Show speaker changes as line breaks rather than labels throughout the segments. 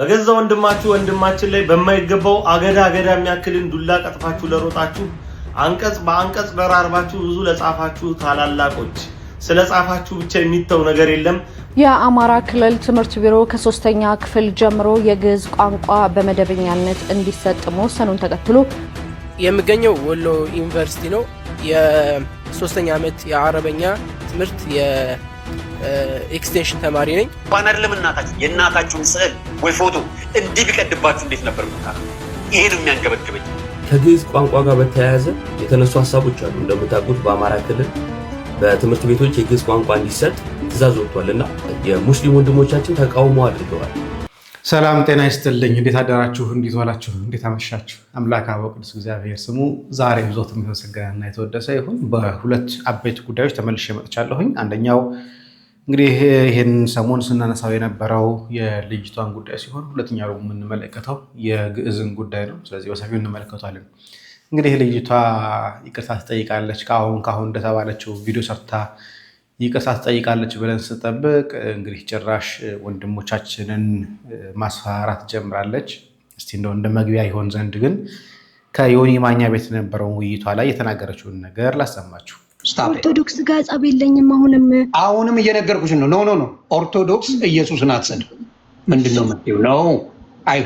በገዛ ወንድማችሁ ወንድማችን ላይ በማይገባው አገዳ አገዳ የሚያክልን ዱላ ቀጥፋችሁ ለሮጣችሁ አንቀጽ በአንቀጽ ደራርባችሁ ብዙ ለጻፋችሁ ታላላቆች ስለ ጻፋችሁ ብቻ የሚተው ነገር የለም።
የአማራ ክልል ትምህርት ቢሮ ከሶስተኛ ክፍል ጀምሮ የግዕዝ ቋንቋ በመደበኛነት እንዲሰጥ መወሰኑን ተከትሎ
የምገኘው ወሎ ዩኒቨርሲቲ ነው። የሶስተኛ ዓመት የአረበኛ ትምህርት ኤክስቴንሽን ተማሪ ነኝ።
ባነር እናታችሁ የእናታችሁን ስዕል ወይ ፎቶ እንዲህ ቢቀድባችሁ እንዴት ነበር ምታ? ይሄ ነው የሚያንገበግበኝ።
ከግዕዝ ቋንቋ ጋር በተያያዘ የተነሱ ሀሳቦች አሉ። እንደምታውቁት በአማራ ክልል በትምህርት ቤቶች የግዕዝ ቋንቋ እንዲሰጥ ትእዛዝ ወጥቷል እና የሙስሊም ወንድሞቻችን ተቃውሞ አድርገዋል።
ሰላም ጤና ይስጥልኝ። እንዴት አደራችሁ? እንዴት ዋላችሁ? እንዴት አመሻችሁ? አምላክ አበው ቅዱስ እግዚአብሔር ስሙ ዛሬ ዘወትርም የተመሰገነና የተወደሰ ይሁን። በሁለት አበይት ጉዳዮች ተመልሼ መጥቻለሁኝ። አንደኛው እንግዲህ ይህን ሰሞን ስናነሳው የነበረው የልጅቷን ጉዳይ ሲሆን ሁለተኛ ደግሞ የምንመለከተው የግዕዝን ጉዳይ ነው። ስለዚህ በሰፊው እንመለከቷለን። እንግዲህ ልጅቷ ይቅርታ ትጠይቃለች። ከአሁን ከአሁን እንደተባለችው ቪዲዮ ሰርታ ይቅርታ ትጠይቃለች ብለን ስጠብቅ እንግዲህ ጭራሽ ወንድሞቻችንን ማስፈራራት ጀምራለች። እስቲ እንደው እንደ መግቢያ ይሆን ዘንድ ግን ከዮኒ ማኛ ቤት የነበረውን ውይይቷ ላይ የተናገረችውን ነገር ላሰማችሁ።
ኦርቶዶክስ ጋር ጸብ የለኝም። አሁንም
አሁንም እየነገርኩሽ ነው። ኖ ኖ ኖ ኦርቶዶክስ ኢየሱስን አትሰድብ። ምንድን ነው የምትይው? ነው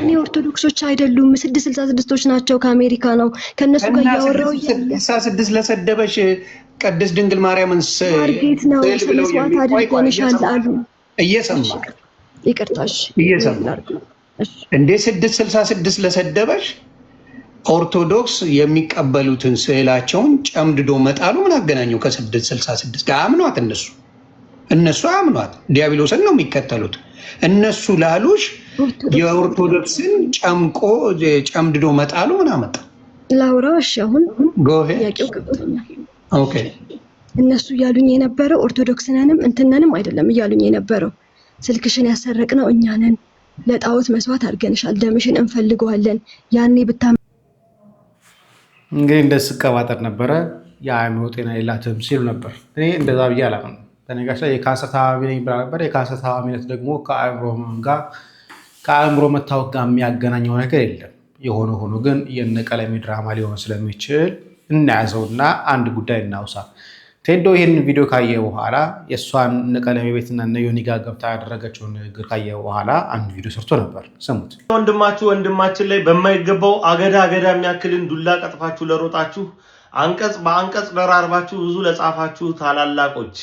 እኔ
ኦርቶዶክሶች አይደሉም ስድስት ስልሳ ስድስቶች ናቸው። ከአሜሪካ ነው ከእነሱ ጋር እያወራሁ
ስልሳ ስድስት ለሰደበሽ ቅድስት ድንግል ማርያምን
ስጌት ነው ስመስዋዕት አድርገንሻል አሉ። እየሰማ ይቅርታሽ
እየሰማ እንዴ ስድስት ስልሳ ስድስት ለሰደበሽ ኦርቶዶክስ የሚቀበሉትን ስዕላቸውን ጨምድዶ መጣሉ ምን አገናኘው ከ666 ጋር? አምኗት እነሱ እነሱ አምኗት ዲያብሎስን ነው የሚከተሉት። እነሱ ላሉሽ የኦርቶዶክስን ጨምቆ ጨምድዶ መጣሉ ምን አመጣ?
ላውራሽ አሁን
ጥያቄው ገብቶኛል።
እነሱ እያሉኝ የነበረው ኦርቶዶክስንንም እንትነንም አይደለም እያሉኝ የነበረው ስልክሽን ያሰረቅነው እኛንን ለጣዖት መስዋዕት አድርገንሻል፣ ደምሽን እንፈልገዋለን ያኔ ብታ
እንግዲህ እንደ ስቀባጠር ነበረ የአእምሮ ጤና የላትም ሲሉ ነበር። እኔ እንደዛ ብዬ አላምን። ተነጋሽ ላይ የካንሰር ታማሚ ነኝ ብላ ነበር። የካንሰር ታማሚነት ደግሞ ከአእምሮ ህመም ጋር ከአእምሮ መታወቅ ጋር የሚያገናኘው ነገር የለም። የሆነ ሆኖ ግን የነቀለሜ ድራማ ሊሆን ስለሚችል እናያዘውና አንድ ጉዳይ እናውሳ። ቴዶ ይህን ቪዲዮ ካየ በኋላ የእሷን ነቀለሜ ቤትና እነ ዮኒ ጋር ገብታ ያደረገችውን ንግግር ካየ በኋላ አንድ ቪዲዮ ሰርቶ ነበር። ስሙት።
ወንድማችሁ ወንድማችን ላይ በማይገባው አገዳ አገዳ የሚያክልን ዱላ ቀጥፋችሁ ለሮጣችሁ፣ አንቀጽ በአንቀጽ ደራርባችሁ ብዙ ለጻፋችሁ ታላላቆች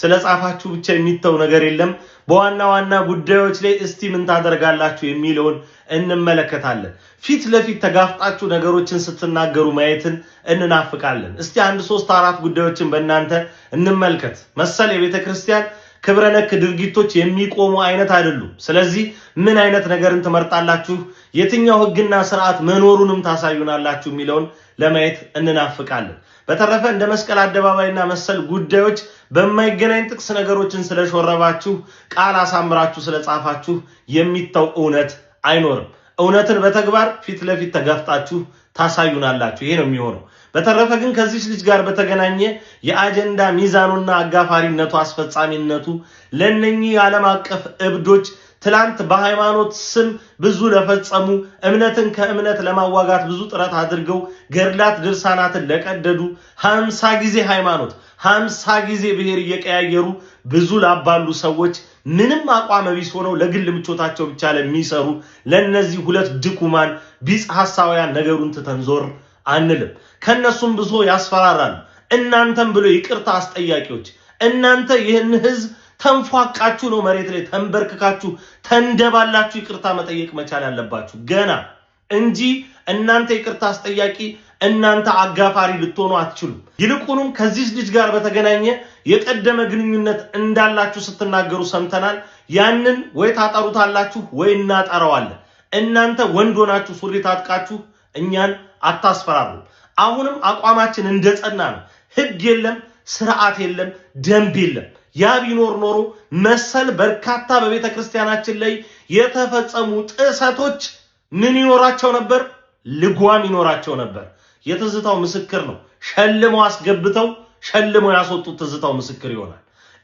ስለ ጻፋችሁ ብቻ የሚተው ነገር የለም። በዋና ዋና ጉዳዮች ላይ እስቲ ምን ታደርጋላችሁ የሚለውን እንመለከታለን። ፊት ለፊት ተጋፍጣችሁ ነገሮችን ስትናገሩ ማየትን እንናፍቃለን። እስቲ አንድ ሶስት አራት ጉዳዮችን በእናንተ እንመልከት። መሰል የቤተ ክርስቲያን ክብረ ነክ ድርጊቶች የሚቆሙ አይነት አይደሉም። ስለዚህ ምን አይነት ነገርን ትመርጣላችሁ፣ የትኛው ህግና ስርዓት መኖሩንም ታሳዩናላችሁ የሚለውን ለማየት እንናፍቃለን። በተረፈ እንደ መስቀል አደባባይና መሰል ጉዳዮች በማይገናኝ ጥቅስ ነገሮችን ስለሾረባችሁ፣ ቃል አሳምራችሁ ስለጻፋችሁ የሚታው እውነት አይኖርም። እውነትን በተግባር ፊት ለፊት ተጋፍጣችሁ ታሳዩናላችሁ። ይሄ ነው የሚሆነው። በተረፈ ግን ከዚች ልጅ ጋር በተገናኘ የአጀንዳ ሚዛኑና አጋፋሪነቱ አስፈጻሚነቱ ለነኚህ የዓለም አቀፍ እብዶች ትላንት በሃይማኖት ስም ብዙ ለፈጸሙ እምነትን ከእምነት ለማዋጋት ብዙ ጥረት አድርገው ገድላት ድርሳናትን ለቀደዱ ሀምሳ ጊዜ ሃይማኖት ሀምሳ ጊዜ ብሔር እየቀያየሩ ብዙ ላባሉ ሰዎች ምንም አቋም ቢስ ሆነው ለግል ምቾታቸው ብቻ ለሚሰሩ ለእነዚህ ሁለት ድኩማን ቢጽ ሐሳውያን ነገሩን ትተንዞር አንልም። ከነሱም ብዙ ያስፈራራሉ። እናንተም ብሎ ይቅርታ አስጠያቂዎች፣ እናንተ ይህን ህዝብ ተንፏቃችሁ ነው መሬት ላይ ተንበርክካችሁ ተንደባላችሁ ይቅርታ መጠየቅ መቻል ያለባችሁ ገና እንጂ እናንተ ይቅርታ አስጠያቂ እናንተ አጋፋሪ ልትሆኑ አትችሉም። ይልቁንም ከዚህ ልጅ ጋር በተገናኘ የቀደመ ግንኙነት እንዳላችሁ ስትናገሩ ሰምተናል። ያንን ወይ ታጠሩታላችሁ ወይ እናጠረዋለን። እናንተ ወንድ ሆናችሁ ሱሪ ታጥቃችሁ እኛን አታስፈራሩ። አሁንም አቋማችን እንደጸና ነው። ህግ የለም፣ ስርዓት የለም፣ ደንብ የለም። ያ ቢኖር ኖሮ መሰል በርካታ በቤተ ክርስቲያናችን ላይ የተፈጸሙ ጥሰቶች ምን ይኖራቸው ነበር? ልጓም ይኖራቸው ነበር። የትዝታው ምስክር ነው። ሸልመው አስገብተው ሸልመው ያስወጡት ትዝታው ምስክር ይሆናል።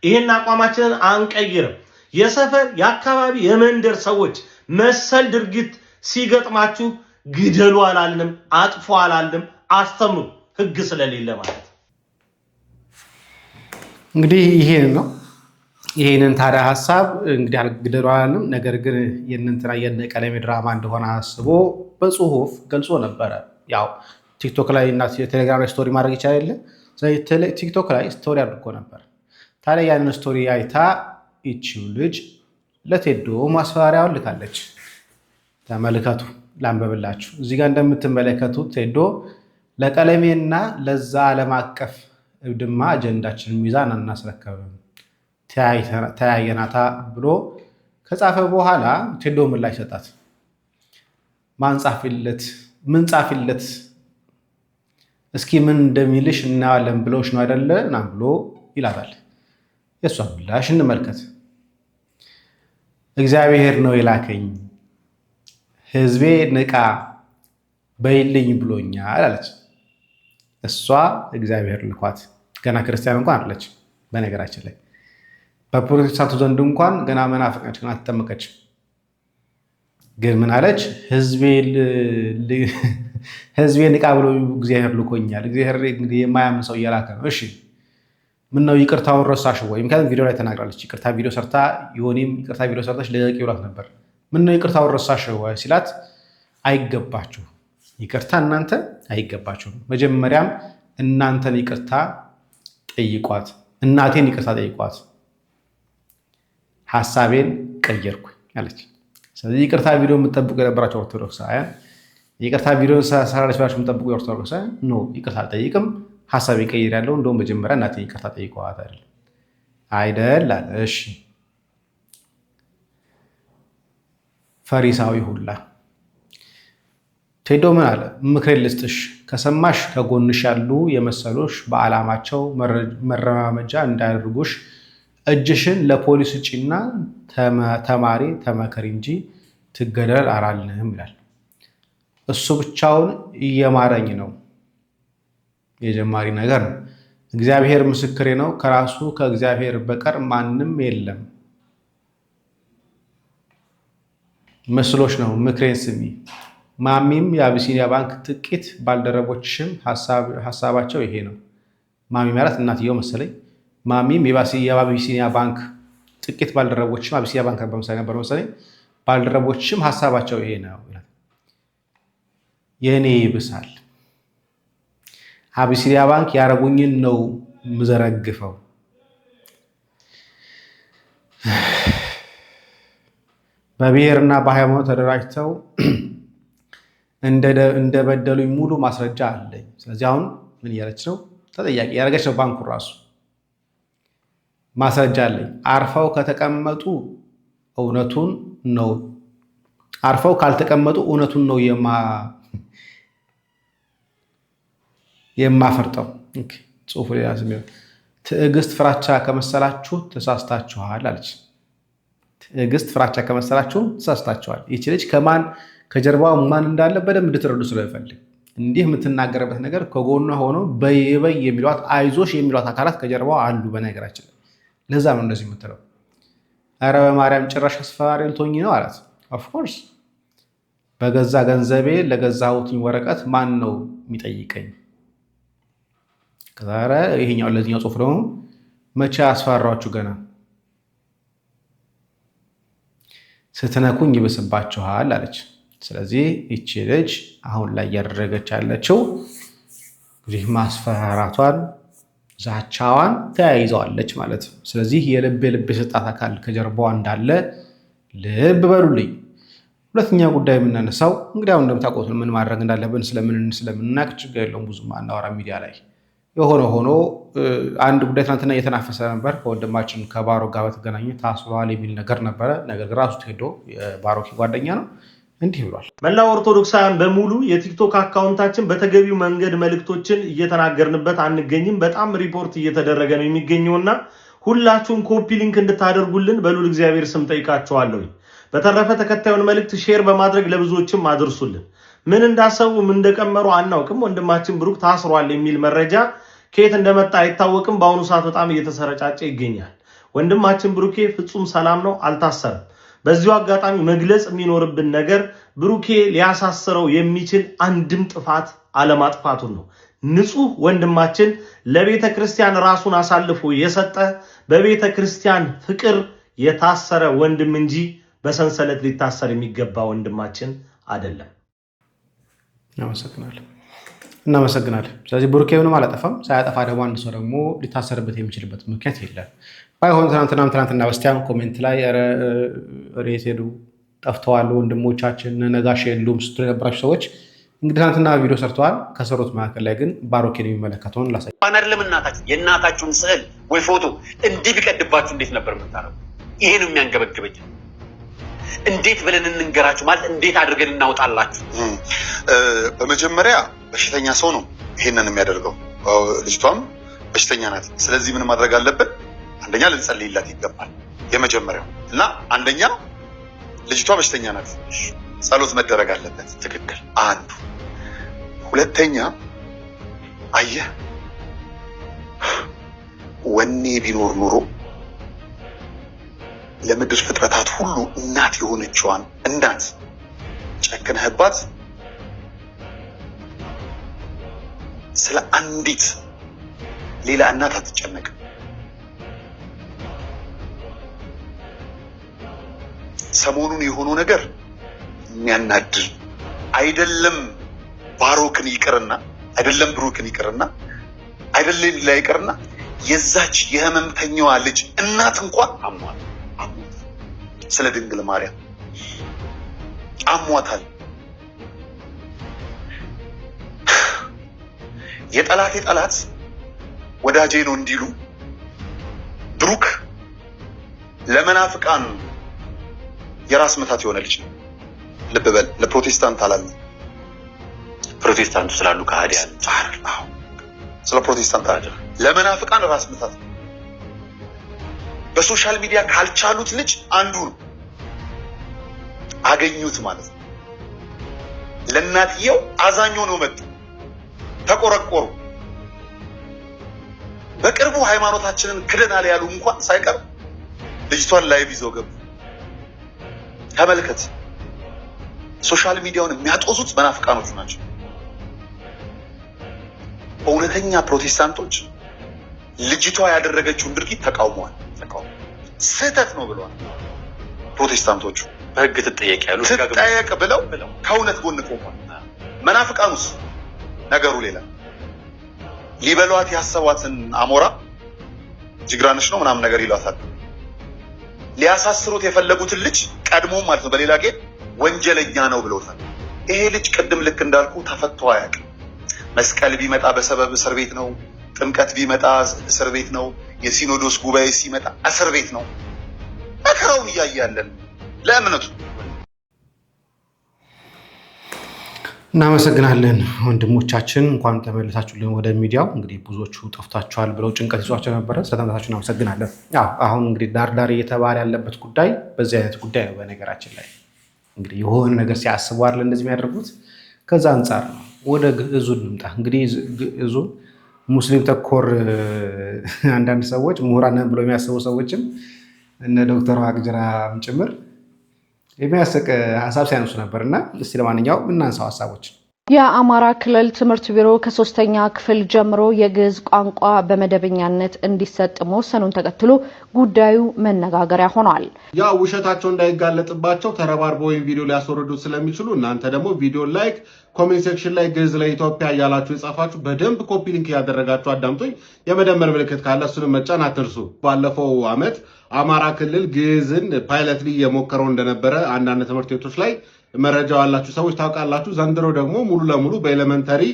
ይህን አቋማችንን አንቀይርም። የሰፈር የአካባቢ የመንደር ሰዎች መሰል ድርጊት ሲገጥማችሁ ግደሉ አላልንም፣ አጥፎ አላልንም። አስተምሩ ህግ ስለሌለ ማለት
እንግዲህ ይሄን ነው። ይህንን ታዲያ ሀሳብ እንግዲህ አልግደሉ አላልንም፣ ነገር ግን የእነንትና የእነ ቀለሜ ድራማ እንደሆነ አስቦ በጽሁፍ ገልጾ ነበረ። ያው ቲክቶክ ላይ እና ቴሌግራም ላይ ስቶሪ ማድረግ ይቻላል ቲክቶክ ላይ ስቶሪ አድርጎ ነበር። ታዲያ ያንን ስቶሪ አይታ ይችው ልጅ ለቴዶ ማስፈራሪያውን ልካለች። ተመልከቱ። ላንበብላችሁ። እዚህ ጋር እንደምትመለከቱት ቴዶ ለቀለሜና ለዛ ዓለም አቀፍ እብድማ አጀንዳችንን ሚዛን አናስረከብም ተያየናታ ብሎ ከጻፈ በኋላ ቴዶ ምላሽ ሰጣት። ማንጻፊለት ምን ጻፊለት እስኪ ምን እንደሚልሽ እናያለን ብለውሽ ነው አይደለ ና ብሎ ይላታል። የእሷ ምላሽ እንመልከት። እግዚአብሔር ነው የላከኝ ህዝቤ ንቃ በይልኝ ብሎኛል አለች። እሷ እግዚአብሔር ልኳት ገና ክርስቲያን እንኳን አለች። በነገራችን ላይ በፕሮቴስታንቱ ዘንድ እንኳን ገና መናፍቅ ነች፣ ገና አልተጠመቀች። ግን ምን አለች? ህዝቤ ንቃ ብሎ እግዚአብሔር ልኮኛል። እግዚአብሔር እንግዲህ የማያምን ሰው እያላከ ነው። እሺ ምን ነው ይቅርታውን ረሳሽ ወይ? ምክንያቱም ቪዲዮ ላይ ተናግራለች። ይቅርታ ቪዲዮ ሰርታ ዮኒም ይቅርታ ቪዲዮ ሰርታች ለቂ ብሏት ነበር ምነው ይቅርታውን ረሳሽው ሲላት አይገባችሁ ይቅርታ እናንተ አይገባችሁ መጀመሪያም እናንተን ይቅርታ ጠይቋት፣ እናቴን ይቅርታ ጠይቋት፣ ሀሳቤን ቀየርኩ አለች። ስለዚህ ይቅርታ ቪዲዮ የምጠብቁ የነበራቸው ኦርቶዶክሳውያን ይቅርታ ቪዲዮ ሰራለች ብላችሁ የምጠብቁ የኦርቶዶክሳውያን ኖ ይቅርታ አልጠይቅም፣ ሀሳቤ ቀይር ያለው እንደውም መጀመሪያ እናቴን ይቅርታ ጠይቋት አይደል አይደል አለ። እሺ ፈሪሳዊ ሁላ ቴዶ ምን አለ? ምክሬን ልስጥሽ፣ ከሰማሽ ከጎንሽ ያሉ የመሰሎሽ በዓላማቸው መረማመጃ እንዳያደርጉሽ እጅሽን ለፖሊስ ውጪና ተማሪ ተመከሪ እንጂ ትገደል አላልንህም ይላል። እሱ ብቻውን እየማረኝ ነው። የጀማሪ ነገር ነው። እግዚአብሔር ምስክሬ ነው፣ ከራሱ ከእግዚአብሔር በቀር ማንም የለም መስሎች ነው። ምክሬን ስሚ። ማሚም የአቢሲኒያ ባንክ ጥቂት ባልደረቦችም ሀሳባቸው ይሄ ነው። ማሚ ማለት እናትየው መሰለኝ። ማሚም የአቢሲኒያ ባንክ ጥቂት ባልደረቦችም አቢሲኒያ ባንክ በምሳሌ ነበር መሰለኝ። ባልደረቦችም ሀሳባቸው ይሄ ነው። የእኔ ይብሳል። አቢሲኒያ ባንክ ያረጉኝን ነው ምዘረግፈው። በብሔርና በሃይማኖት ተደራጅተው እንደበደሉኝ ሙሉ ማስረጃ አለኝ። ስለዚህ አሁን ምን እያለች ነው? ተጠያቂ ያደረገች ነው። ባንኩ ራሱ ማስረጃ አለኝ። አርፈው ከተቀመጡ እውነቱን ነው፣ አርፈው ካልተቀመጡ እውነቱን ነው የማፈርጠው። ጽሁፉ ሌላ ትዕግስት ፍራቻ ከመሰላችሁ ተሳስታችኋል አለች። ትዕግስት ፍራቻ ከመሰላችሁ ተሳስታችኋል። ይች ልጅ ከማን ከጀርባው ማን እንዳለ በደንብ እንድትረዱ ስለፈልግ እንዲህ የምትናገርበት ነገር ከጎኗ ሆኖ በይበይ የሚሏት አይዞሽ የሚሏት አካላት ከጀርባው አሉ። በነገራችን ለዛ ነው እንደዚህ የምትለው። ኧረ በማርያም ጭራሽ አስፈራሪ ልትሆኝ ነው አላት። ኦፍኮርስ በገዛ ገንዘቤ ለገዛሁትኝ ወረቀት ማን ነው የሚጠይቀኝ? ከዛረ ይሄኛው ለዚኛው ጽሁፍ ደግሞ መቼ አስፈራሯችሁ ገና ስትነኩኝ ይብስባችኋል አለች። ስለዚህ ይቺ ልጅ አሁን ላይ እያደረገች ያለችው እንግዲህ ማስፈራራቷን፣ ዛቻዋን ተያይዘዋለች ማለት ነው። ስለዚህ የልብ የልብ የሰጣት አካል ከጀርባዋ እንዳለ ልብ በሉልኝ። ሁለተኛ ጉዳይ የምናነሳው እንግዲህ አሁን እንደምታውቁት ምን ማድረግ እንዳለብን ስለምን ስለምናቅ ችግር የለውም ብዙ አናወራ ሚዲያ ላይ የሆነ ሆኖ አንድ ጉዳይ ትናንትና እየተናፈሰ ነበር። ከወንድማችን ከባሮ ጋር በተገናኘ ታስሯል የሚል ነገር ነበረ። ነገር ግን ራሱ ሄዶ የባሮክ ጓደኛ ነው እንዲህ ብሏል።
መላው ኦርቶዶክሳውያን በሙሉ የቲክቶክ አካውንታችን በተገቢው መንገድ መልእክቶችን እየተናገርንበት አንገኝም። በጣም ሪፖርት እየተደረገ ነው የሚገኘውና ሁላችሁም ኮፒ ሊንክ እንድታደርጉልን በሉል እግዚአብሔር ስም ጠይቃቸዋለሁ በተረፈ ተከታዩን መልእክት ሼር በማድረግ ለብዙዎችም አድርሱልን። ምን እንዳሰቡም እንደቀመሩ አናውቅም። ወንድማችን ብሩክ ታስሯል የሚል መረጃ ከየት እንደመጣ አይታወቅም። በአሁኑ ሰዓት በጣም እየተሰረጫጨ ይገኛል። ወንድማችን ብሩኬ ፍጹም ሰላም ነው፣ አልታሰርም። በዚሁ አጋጣሚ መግለጽ የሚኖርብን ነገር ብሩኬ ሊያሳስረው የሚችል አንድም ጥፋት አለማጥፋቱን ነው። ንጹህ ወንድማችን ለቤተ ክርስቲያን ራሱን አሳልፎ የሰጠ በቤተ ክርስቲያን ፍቅር የታሰረ ወንድም እንጂ በሰንሰለት ሊታሰር የሚገባ ወንድማችን አይደለም።
አመሰግናለሁ። እናመሰግናለን። ስለዚህ ብሩኬ ምንም አላጠፋም። ሳያጠፋ ደግሞ አንድ ሰው ደግሞ ሊታሰርበት የሚችልበት ምክንያት የለም። ባይሆን ትናንትናም ትናንትና በስቲያም ኮሜንት ላይ ሬት ሄዱ ጠፍተዋል፣ ወንድሞቻችን ነጋሽ የሉም ስትሉ የነበራችሁ ሰዎች እንግዲህ ትናንትና ቪዲዮ ሰርተዋል። ከሰሩት መካከል ላይ ግን ባሮኬን የሚመለከተውን ላሳ
አይደለም እናታችሁ የእናታችሁን ስዕል ወይ ፎቶ እንዲህ ቢቀድባችሁ እንዴት ነበር የምታረጉ? ይሄን የሚያንገበግበኝ። እንዴት ብለን እንንገራችሁ ማለት እንዴት አድርገን እናውጣላችሁ? በመጀመሪያ በሽተኛ ሰው ነው ይሄንን የሚያደርገው። ልጅቷም በሽተኛ ናት። ስለዚህ ምን ማድረግ አለብን? አንደኛ ልንጸልይላት ይገባል። የመጀመሪያው እና አንደኛ ልጅቷ በሽተኛ ናት፣ ጸሎት መደረግ አለበት። ትክክል አንዱ። ሁለተኛ አየህ ወኔ ቢኖር ኑሮ ለምድር ፍጥረታት ሁሉ እናት የሆነችዋን እናት ጨክነህባት ስለ አንዲት ሌላ እናት አትጨነቅም። ሰሞኑን የሆነው ነገር የሚያናድር አይደለም። ባሮክን ይቅርና አይደለም ብሩክን ይቅርና አይደለም ሌላ ይቅርና የዛች የህመምተኛዋ ልጅ እናት እንኳን አሟል አሟታል። ስለ ድንግል ማርያም አሟታል። የጠላቴ ጠላት ወዳጄ ነው እንዲሉ ብሩክ ለመናፍቃን የራስ ምታት የሆነ ልጅ ነው። ልብ በል ለፕሮቴስታንት አላለ
ፕሮቴስታንቱ ስላሉ ከሃዲያን
ስለ ፕሮቴስታንት አለ ለመናፍቃን ራስ ምታት በሶሻል ሚዲያ ካልቻሉት ልጅ አንዱ ነው። አገኙት ማለት ነው። ለእናትየው አዛኞ ነው መጡ ተቆረቆሩ። በቅርቡ ሃይማኖታችንን ክደናል ያሉ እንኳን ሳይቀር ልጅቷን ላይቭ ይዘው ገቡ። ተመልከት። ሶሻል ሚዲያውን የሚያጦዙት መናፍቃኖች ናቸው። እውነተኛ ፕሮቴስታንቶች ልጅቷ ያደረገችውን ድርጊት ተቃውመዋል። ስህተት ነው ብለዋል። ፕሮቴስታንቶቹ
በህግ ትጠየቅ ያሉ
ትጠየቅ ብለው ከእውነት ጎን ቆሟል። መናፍቃኑስ ነገሩ ሌላ። ሊበሏት ያሰቧትን አሞራ ጅግራንሽ ነው ምናምን ነገር ይሏታል። ሊያሳስሩት የፈለጉትን ልጅ ቀድሞ ማለት ነው በሌላ ጌ ወንጀለኛ ነው ብሎታል። ይሄ ልጅ ቅድም ልክ እንዳልኩ ተፈቶ አያውቅም። መስቀል ቢመጣ በሰበብ እስር ቤት ነው። ጥምቀት ቢመጣ እስር ቤት ነው። የሲኖዶስ ጉባኤ ሲመጣ እስር ቤት ነው። መከራውን እያያለን ለእምነቱ
እናመሰግናለን ወንድሞቻችን፣ እንኳን ተመልሳችሁልን ወደ ሚዲያው። እንግዲህ ብዙዎቹ ጠፍታችኋል ብለው ጭንቀት ይዟቸው ነበረ። ስለተመልሳችሁ እናመሰግናለን። አሁን እንግዲህ ዳርዳር እየተባለ ያለበት ጉዳይ በዚህ አይነት ጉዳይ ነው። በነገራችን ላይ እንግዲህ የሆነ ነገር ሲያስቡ እንደዚህ የሚያደርጉት። ከዛ አንጻር ነው። ወደ ግዕዙን እንምጣ። እንግዲህ ግዕዙን ሙስሊም ተኮር አንዳንድ ሰዎች ምሁራን ብለው የሚያስቡ ሰዎችም እነ ዶክተር ዋቅጅራም ጭምር የሚያስቅ ሀሳብ ሲያነሱ ነበር እና እስቲ ለማንኛውም እናንሳው ሀሳቦች
የአማራ ክልል ትምህርት ቢሮ ከሶስተኛ ክፍል ጀምሮ የግዕዝ ቋንቋ በመደበኛነት እንዲሰጥ መወሰኑን ተከትሎ ጉዳዩ መነጋገሪያ ሆኗል።
ያ ውሸታቸው እንዳይጋለጥባቸው ተረባርበ ወይም ቪዲዮ ሊያስወርዱ ስለሚችሉ እናንተ ደግሞ ቪዲዮ ላይክ፣ ኮሜንት ሴክሽን ላይ ግዕዝ ለኢትዮጵያ እያላችሁ የጻፋችሁ በደንብ ኮፒ ሊንክ እያደረጋችሁ አዳምጡኝ። የመደመር ምልክት ካለ እሱንም መጫን አትርሱ። ባለፈው ዓመት አማራ ክልል ግዕዝን ፓይለትሊ እየሞከረው እንደነበረ አንዳንድ ትምህርት ቤቶች ላይ መረጃ ያላችሁ ሰዎች ታውቃላችሁ። ዘንድሮ ደግሞ ሙሉ ለሙሉ በኤሌመንተሪ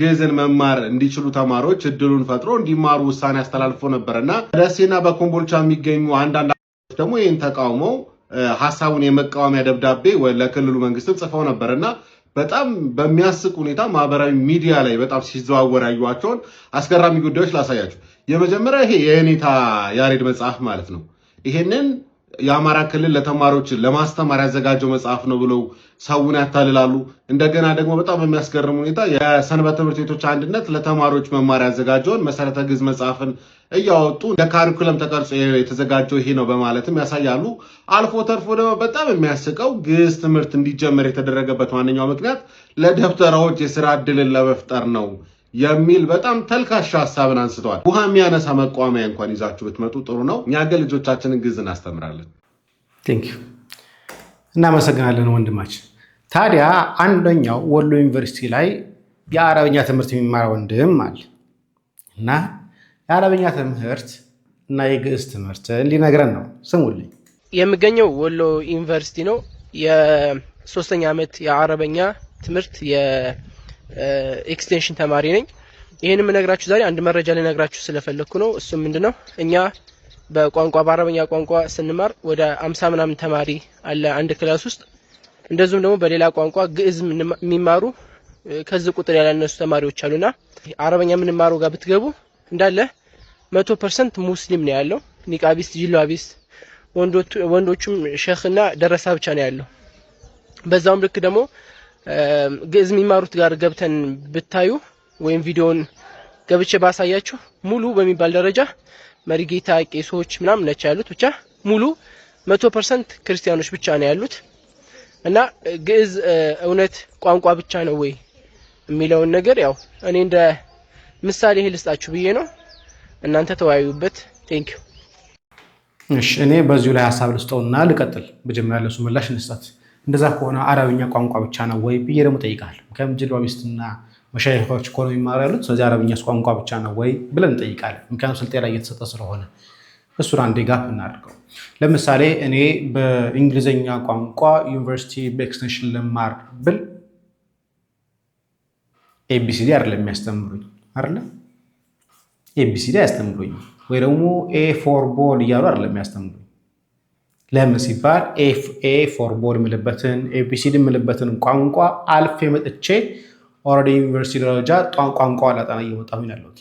ግዕዝን መማር እንዲችሉ ተማሪዎች እድሉን ፈጥሮ እንዲማሩ ውሳኔ አስተላልፎ ነበርና ደሴና በኮምቦልቻ የሚገኙ አንዳንድ ደግሞ ይህን ተቃውመው ሀሳቡን የመቃወሚያ ደብዳቤ ለክልሉ መንግስትም ጽፈው ነበርና በጣም በሚያስቅ ሁኔታ ማህበራዊ ሚዲያ ላይ በጣም ሲዘዋወር ያዩዋቸውን አስገራሚ ጉዳዮች ላሳያችሁ። የመጀመሪያ ይሄ የኔታ ያሬድ መጽሐፍ ማለት ነው። ይሄንን የአማራ ክልል ለተማሪዎች ለማስተማር ያዘጋጀው መጽሐፍ ነው ብለው ሰውን ያታልላሉ። እንደገና ደግሞ በጣም በሚያስገርም ሁኔታ የሰንበት ትምህርት ቤቶች አንድነት ለተማሪዎች መማር ያዘጋጀውን መሰረተ ግዕዝ መጽሐፍን እያወጡ ለካሪኩለም ካሪኩለም ተቀርጾ የተዘጋጀው ይሄ ነው በማለትም ያሳያሉ። አልፎ ተርፎ ደግሞ በጣም የሚያስቀው ግዕዝ ትምህርት እንዲጀመር የተደረገበት ዋነኛው ምክንያት ለደብተራዎች የስራ እድልን ለመፍጠር ነው የሚል በጣም ተልካሻ ሀሳብን አንስተዋል። ውሃ የሚያነሳ መቋሚያ እንኳን ይዛችሁ ብትመጡ ጥሩ ነው። እኛ ግን ልጆቻችንን ግዕዝ እናስተምራለን።
እናመሰግናለን ወንድማችን። ታዲያ አንደኛው ወሎ ዩኒቨርሲቲ ላይ የአረብኛ ትምህርት የሚማር ወንድም አለ እና የአረብኛ ትምህርት እና የግዕዝ ትምህርት እንዲነግረን ነው። ስሙልኝ። የሚገኘው ወሎ ዩኒቨርሲቲ ነው። የሶስተኛ ዓመት የአረበኛ ትምህርት ኤክስቴንሽን ተማሪ ነኝ። ይህንም የምነግራችሁ ዛሬ አንድ መረጃ ልነግራችሁ ስለፈለግኩ ነው። እሱ ምንድን ነው እኛ በቋንቋ በአረበኛ ቋንቋ ስንማር ወደ አምሳ ምናምን ተማሪ አለ አንድ ክላስ ውስጥ። እንደዚሁም ደግሞ በሌላ ቋንቋ ግዕዝ የሚማሩ ከዚህ ቁጥር ያላነሱ ተማሪዎች አሉና አረበኛ የምንማረው ጋር ብትገቡ እንዳለ መቶ ፐርሰንት ሙስሊም ነው ያለው። ኒቃቢስት፣ ጅላቢስት ወንዶቹም ሼህና ደረሳ ብቻ ነው ያለው። በዛውም ልክ ደግሞ ግዕዝ የሚማሩት ጋር ገብተን ብታዩ ወይም ቪዲዮን ገብቼ ባሳያችሁ ሙሉ በሚባል ደረጃ መሪጌታ ቄሶች ምናምን ነች ያሉት ብቻ ሙሉ መቶ ፐርሰንት ክርስቲያኖች ብቻ ነው ያሉት እና ግዕዝ እውነት ቋንቋ ብቻ ነው ወይ የሚለውን ነገር ያው እኔ እንደ ምሳሌ ይህ ልስጣችሁ ብዬ ነው። እናንተ ተወያዩበት። ቴንኪው። እሺ እኔ በዚሁ ላይ ሀሳብ ልስጠውና ልቀጥል። መጀመሪያ ለሱ ምላሽ እንስጣት። እንደዛ ከሆነ አረብኛ ቋንቋ ብቻ ነው ወይ ብዬ ደግሞ ጠይቃለሁ። ምክንያቱም ጀልባ ሚስትና መሻይኮች ከሆነ የሚማሩ ያሉት ስለዚህ አረብኛ ቋንቋ ብቻ ነው ወይ ብለን እንጠይቃለን። ምክንያቱም ስልጤ ላይ እየተሰጠ ስለሆነ እሱን አንዴ ጋፕ እናደርገው። ለምሳሌ እኔ በእንግሊዝኛ ቋንቋ ዩኒቨርሲቲ በኤክስቴንሽን ልማር ብል ኤቢሲዲ አይደለም የሚያስተምሩኝ አይደለ? ኤቢሲዲ አያስተምሩኝ ወይ ደግሞ ኤ ፎር ቦል እያሉ አይደለም የሚያስተምሩኝ ለምን ሲባል ኤ ፎር ቦል የምልበትን ኤቢሲዲ የምልበትን ቋንቋ አልፌ መጥቼ ኦልሬዲ ዩኒቨርሲቲ ደረጃ ቋንቋ ላጠና እየመጣሁ ያለሁት።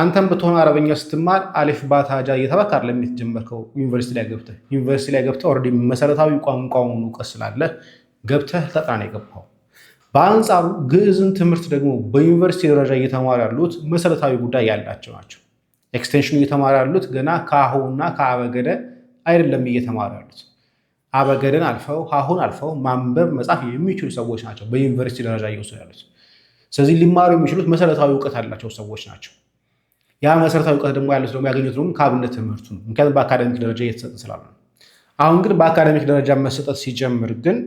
አንተም ብትሆን አረበኛ ስትማር አሊፍ ባታጃ እየተባክ አይደለም የተጀመርከው። ዩኒቨርሲቲ ላይ ገብተህ ዩኒቨርሲቲ ላይ ገብተህ ኦልሬዲ መሰረታዊ ቋንቋውን እውቀት ስላለ ገብተህ ተጠና የገባው። በአንጻሩ ግዕዝን ትምህርት ደግሞ በዩኒቨርሲቲ ደረጃ እየተማሩ ያሉት መሰረታዊ ጉዳይ ያላቸው ናቸው። ኤክስቴንሽኑ እየተማሩ ያሉት ገና ከአሁና ከአበገደ አይደለም እየተማሩ ያሉት። አበገደን አልፈው ሀሁን አልፈው ማንበብ መጻፍ የሚችሉ ሰዎች ናቸው በዩኒቨርሲቲ ደረጃ እየወሰዱ ያሉት። ስለዚህ ሊማሩ የሚችሉት መሰረታዊ እውቀት ያላቸው ሰዎች ናቸው። ያ መሰረታዊ እውቀት ደግሞ ያሉት ደግሞ ያገኙት ደግሞ ከአብነት ትምህርቱ ነው። ምክንያቱም በአካደሚክ ደረጃ እየተሰጠ ስላለ አሁን ግን በአካደሚክ ደረጃ መሰጠት ሲጀምር ግን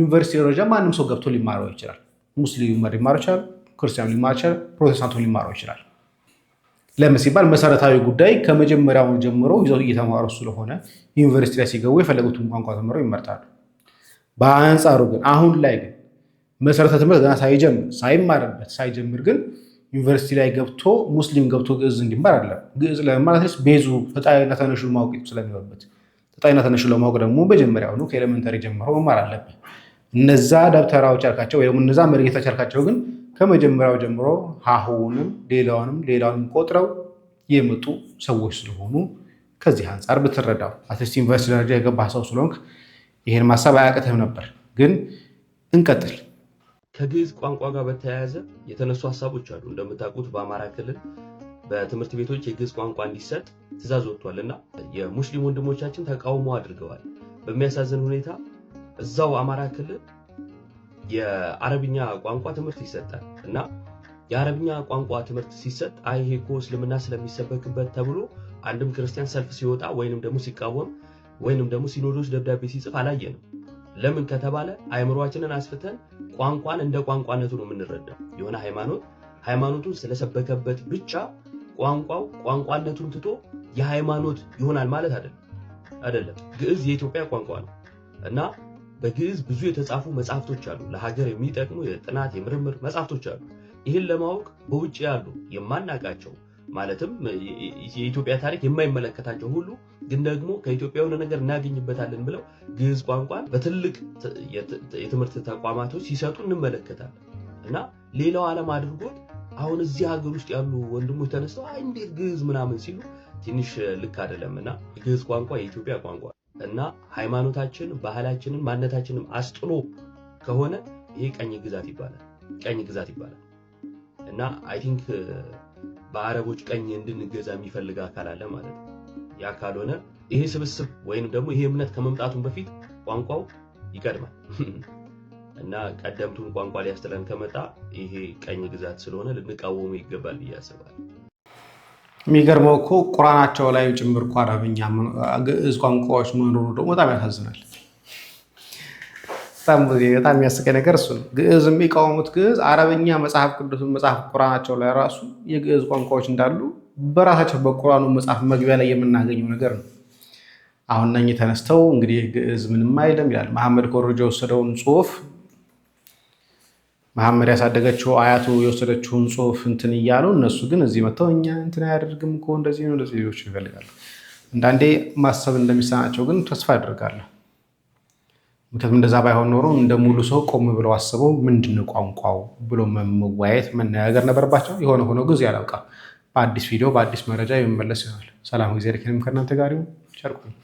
ዩኒቨርሲቲ ደረጃ ማንም ሰው ገብቶ ሊማረው ይችላል። ሙስሊም ሊማረው ይችላል፣ ክርስቲያኑ ሊማር ይችላል፣ ፕሮቴስታንቱ ሊማረው ይችላል። ለምን ሲባል መሰረታዊ ጉዳይ ከመጀመሪያውን ጀምሮ ይዘው እየተማሩ ስለሆነ ዩኒቨርሲቲ ላይ ሲገቡ የፈለጉትን ቋንቋ ተምረው ይመርጣሉ። በአንጻሩ ግን አሁን ላይ ግን መሰረተ ትምህርት ገና ሳይጀምር ሳይማርበት ሳይጀምር ግን ዩኒቨርሲቲ ላይ ገብቶ ሙስሊም ገብቶ ግዕዝ እንዲማር አለ ግዕዝ ለማለት ቤዙ ተጣይና ተነሹ ማወቅ ስለሚኖርበት ተጣይና ተነሹ ለማወቅ ደግሞ መጀመሪያውኑ ከኤሌመንተሪ ጀምሮ መማር አለብን። እነዛ ደብተራዎች ያልካቸው ወይም እነዛ መርጌታዎች ያልካቸው ግን ከመጀመሪያው ጀምሮ ሀሁውንም ሌላውንም ሌላውንም ቆጥረው የመጡ ሰዎች ስለሆኑ ከዚህ አንጻር ብትረዳው አትሊስት ዩኒቨርስቲ ደረጃ የገባ ሰው ስለሆንክ ይህን ማሰብ አያቅትህም ነበር። ግን እንቀጥል። ከግዕዝ ቋንቋ ጋር በተያያዘ የተነሱ ሀሳቦች አሉ። እንደምታውቁት በአማራ ክልል በትምህርት ቤቶች የግዕዝ ቋንቋ እንዲሰጥ ትዛዝ ወጥቷል እና የሙስሊም ወንድሞቻችን ተቃውሞ አድርገዋል። በሚያሳዝን ሁኔታ እዛው አማራ ክልል የአረብኛ ቋንቋ ትምህርት ይሰጣል እና የአረብኛ ቋንቋ ትምህርት ሲሰጥ አይ ይሄ እኮ እስልምና ስለሚሰበክበት ተብሎ አንድም ክርስቲያን ሰልፍ ሲወጣ ወይንም ደግሞ ሲቃወም ወይንም ደግሞ ሲኖዶስ ደብዳቤ ሲጽፍ አላየንም። ለምን ከተባለ አእምሯችንን አስፍተን ቋንቋን እንደ ቋንቋነቱ ነው የምንረዳው። የሆነ ሃይማኖት ሃይማኖቱን ስለሰበከበት ብቻ ቋንቋው ቋንቋነቱን ትቶ የሃይማኖት ይሆናል ማለት አይደለም። አይደለም ግዕዝ የኢትዮጵያ ቋንቋ ነው እና በግዕዝ ብዙ የተጻፉ መጽሐፍቶች አሉ። ለሀገር የሚጠቅሙ የጥናት የምርምር መጽሐፍቶች አሉ። ይህን ለማወቅ በውጭ ያሉ የማናቃቸው ማለትም የኢትዮጵያ ታሪክ የማይመለከታቸው ሁሉ ግን ደግሞ ከኢትዮጵያ የሆነ ነገር እናገኝበታለን ብለው ግዕዝ ቋንቋን በትልቅ የትምህርት ተቋማቶች ሲሰጡ እንመለከታለን እና ሌላው ዓለም አድርጎት አሁን እዚህ ሀገር ውስጥ ያሉ ወንድሞች ተነስተው እንዴት ግዕዝ ምናምን ሲሉ ትንሽ ልክ አይደለም እና ግዕዝ ቋንቋ የኢትዮጵያ ቋንቋ እና ሃይማኖታችን፣ ባህላችንን፣ ማንነታችንም አስጥሎ ከሆነ ይሄ ቀኝ ግዛት ይባላል። ቀኝ ግዛት ይባላል እና አይ ቲንክ በአረቦች ቀኝ እንድንገዛ የሚፈልግ አካል አለ ማለት ነው። ያ ካልሆነ ይሄ ስብስብ ወይም ደግሞ ይሄ እምነት ከመምጣቱን በፊት ቋንቋው ይቀድማል እና ቀደምቱን ቋንቋ ሊያስጥለን ከመጣ ይሄ ቀኝ ግዛት ስለሆነ ልንቃወሙ ይገባል ብዬ አስባለሁ። የሚገርመው እኮ ቁራናቸው ላይ ጭምር እኮ አረብኛ ግዕዝ ቋንቋዎች መኖሩ ደግሞ በጣም ያሳዝናል። በጣም የሚያስቀኝ ነገር እሱ ነው። ግዕዝ የሚቃወሙት ግዕዝ አረብኛ መጽሐፍ ቅዱስ መጽሐፍ ቁራናቸው ላይ ራሱ የግዕዝ ቋንቋዎች እንዳሉ በራሳቸው በቁራኑ መጽሐፍ መግቢያ ላይ የምናገኘው ነገር ነው። አሁን ነኝ ተነስተው እንግዲህ ግዕዝ ምንም አይልም ይላል መሐመድ ኮረጃ የወሰደውን ጽሁፍ መሐመድ ያሳደገችው አያቱ የወሰደችውን ጽሁፍ እንትን እያሉ እነሱ ግን እዚህ መጥተው እኛ እንትን አያደርግም እኮ እንደዚህ ነው እንደዚህ ሌሎች ይፈልጋሉ። አንዳንዴ ማሰብ እንደሚሳናቸው ግን ተስፋ አደርጋለሁ። ምክንያቱም እንደዛ ባይሆን ኖሮ እንደ ሙሉ ሰው ቆም ብለው አስበው ምንድን ቋንቋው ብሎ መወያየት መነጋገር ነበረባቸው። የሆነ ሆኖ ጊዜ አላውቃ በአዲስ ቪዲዮ በአዲስ መረጃ የሚመለስ ይሆናል። ሰላም ጊዜ ከእናንተ ጋር ይሁን። ቸር ቆዩ።